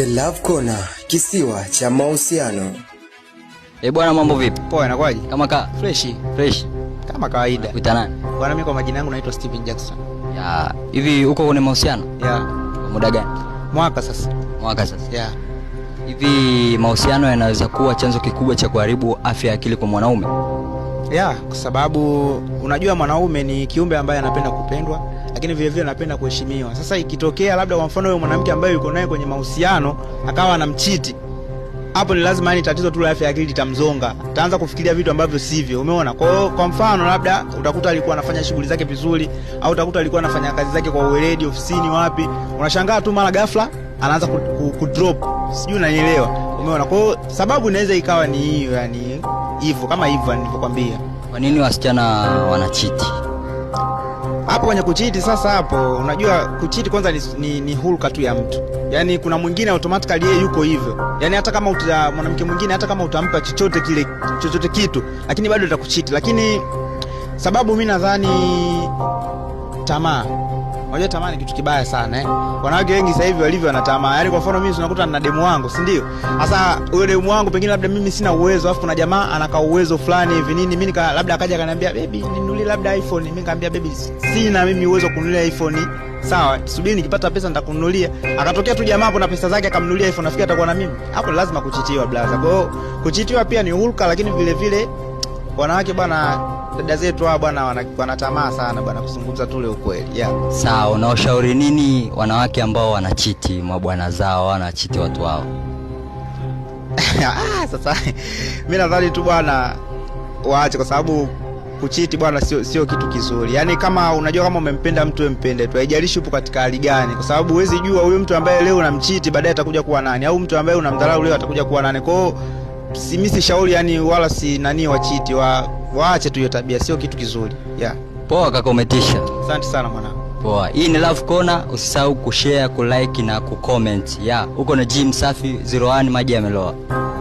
The Love Corner, kisiwa cha mahusiano. Eh, bwana mambo vipi? Poa, inakuwaje? Kama ka fresh, fresh. Kama kawaida. Kuita nani? Bwana mimi kwa majina yangu naitwa Steven Jackson. Ya, hivi uko kwenye mahusiano? Ya. Muda gani? Mwaka sasa. Mwaka sasa. Ya. Hivi mahusiano yanaweza kuwa chanzo kikubwa cha kuharibu afya ya akili kwa mwanaume? Ya, kwa sababu unajua mwanaume ni kiumbe ambaye anapenda kupendwa lakini vile vile napenda kuheshimiwa. Sasa ikitokea labda kwa mfano yule mwanamke ambaye yuko naye kwenye mahusiano akawa anamchiti, hapo ni lazima ni yaani tatizo tu la afya ya akili litamzonga, ataanza kufikiria vitu ambavyo sivyo. Umeona? Kwa kwa mfano labda utakuta alikuwa anafanya shughuli zake vizuri, au utakuta alikuwa anafanya kazi zake kwa uweledi ofisini, wapi, unashangaa tu mara ghafla anaanza kudrop, sijui unanielewa? Umeona? Kwa sababu inaweza ikawa ni hiyo, yani hivyo, kama hivyo nilivyokuambia. Kwa nini wasichana wanachiti? hapo kwenye kuchiti. Sasa hapo unajua kuchiti kwanza ni, ni, ni hulka tu ya mtu, yaani kuna mwingine automatically yeye yuko hivyo, yaani hata kama uta, mwanamke mwingine hata kama utampa chochote kile chochote kitu, lakini bado atakuchiti. Lakini sababu mi nadhani tamaa Unajua tamaa ni kitu kibaya sana eh. Wanawake wengi sasa hivi walivyo na tamaa. Yaani kwa mfano mimi unakuta na demu wangu, si ndio? Sasa yule demu wangu pengine labda mimi sina uwezo, alafu kuna jamaa anaka uwezo fulani hivi nini, mimi nika labda akaja akaniambia baby, ninunulie labda iPhone. Mimi nikamwambia baby, sina mimi uwezo kununulia iPhone. Sawa, subiri nikipata pesa nitakununulia. Akatokea tu jamaa hapo na pesa zake akamnunulia iPhone, nafikiri atakuwa na mimi. Hapo lazima kuchitiwa blaza. Kwa hiyo kuchitiwa pia ni hulka, lakini vile vile wanawake bwana dada zetu hawa bwana wanatamaa sana bwana kuzungumza tule ukweli yeah. Sawa, unaoshauri nini wanawake ambao wanachiti mwa bwana zao, wanachiti watu wao? Ah, sasa mimi nadhani tu bwana waache, kwa sababu kuchiti bwana sio sio kitu kizuri. Yaani kama unajua kama umempenda mtu empende tu, haijalishi upo katika hali gani, kwa sababu huwezi jua huyo mtu ambaye leo unamchiti baadaye atakuja kuwa nani, au mtu ambaye unamdharau leo atakuja kuwa nani. Kwa si misi si shauri yani, wala si nani wachiti wa waache tu hiyo tabia, sio kitu kizuri yeah. Poa kakometisha Asante sana mwanangu. Poa. Hii ni Love Corner, usisahau kushare, kulike na kucomment. Yeah, huko na gym safi 01 maji yameloa.